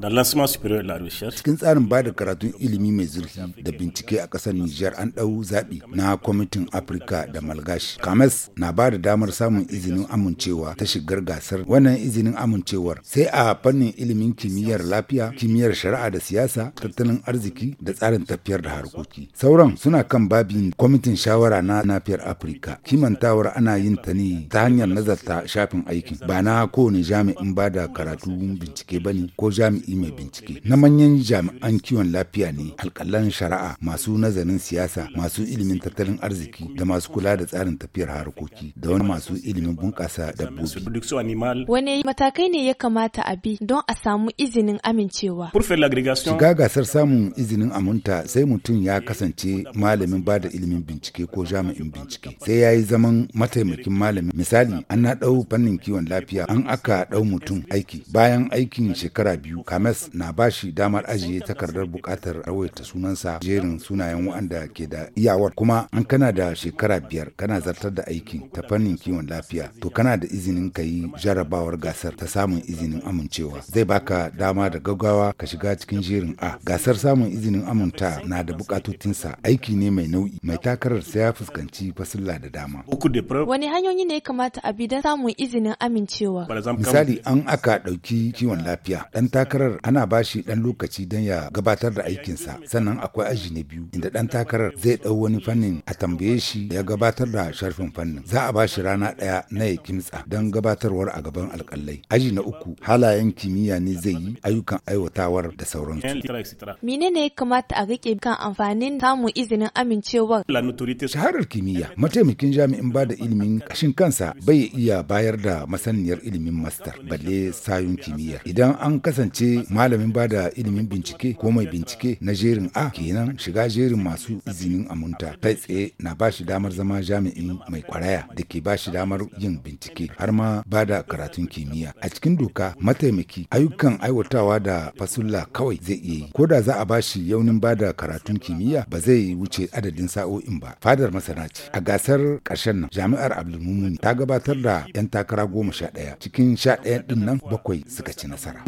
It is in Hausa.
da lancement superior la cikin tsarin ba da karatun ilimi mai zurfi da bincike a ƙasar Nijar an ɗau zaɓi na kwamitin Afirka da malgashi Kames na ba da damar samun izinin amincewa ta shigar gasar wannan izinin amincewar sai a fannin ilimin kimiyyar lafiya kimiyyar shari'a da siyasa tattalin arziki da tsarin tafiyar da harkoki sauran suna kan babin kwamitin shawara na nafiyar Afirka kimantawar ana yin ta ne ta hanyar nazarta shafin aikin ba na kowane jami'in ba da karatu bincike bane ko jami'in mai bincike na manyan jami'an kiwon lafiya ne alƙalan shari'a masu nazarin siyasa masu ilimin tattalin arziki da masu kula da tsarin tafiyar harkoki da wani masu ilimin bunƙasa dabbobi. Wane matakai ne ya kamata a bi don a samu izinin amincewa? Shiga gasar samun izinin aminta sai mutum ya kasance malamin ba da ilimin bincike ko jami'in bincike sai ya yi zaman mataimakin malamin misali an na ɗau fannin kiwon lafiya an aka ɗau mutum aiki bayan aikin shekara biyu ames na bashi damar ajiye takardar bukatar rawaita sunansa jerin sunayen waɗanda ke da iyawar kuma an kana da shekara biyar kana zartar da aiki ta fannin kiwon lafiya to kana da izinin ka yi jarabawar gasar ta samun izinin amincewa zai baka dama da gaggawa ka shiga cikin jerin a gasar samun izinin aminta na da bukatotinsa aiki ne mai nau'i mai takarar sai ya fuskanci fasilla da dama wani hanyoyi ne ya kamata a bi don samun izinin amincewa misali an aka ɗauki kiwon lafiya ɗan takarar takarar ana bashi ɗan lokaci dan ya gabatar da aikinsa sannan akwai aji na biyu inda ɗan takarar zai ɗau wani fannin a tambaye shi ya gabatar da sharfin fannin za a ba shi rana ɗaya na ya kimtsa don gabatarwar a gaban alƙalai aji na uku halayen kimiyya ne zai yi ayyukan aiwatawar da sauransu. menene ya kamata a rike kan amfanin samun izinin amincewar? shaharar kimiyya mataimakin jami'in ba da ilimin ƙashin kansa bai iya bayar da masaniyar ilimin mastar balle sayun kimiyya idan an kasance malamin ba da ilimin bincike ko mai bincike na jerin A kenan shiga jerin masu izinin amunta kai tsaye na ba shi damar zama jami'in mai kwaraya da ke ba shi damar yin bincike har ma ba da karatun kimiyya. A cikin doka mataimaki ayyukan aiwatawa da fasulla kawai zai iya yi. Ko da za a ba shi yaunin ba da karatun kimiyya ba zai wuce adadin sa'o'in ba. Fadar masanaci A gasar karshen nan jami'ar Abdulmumuni ta gabatar da 'yan takara goma sha ɗaya cikin sha ɗaya ɗin nan bakwai suka ci nasara.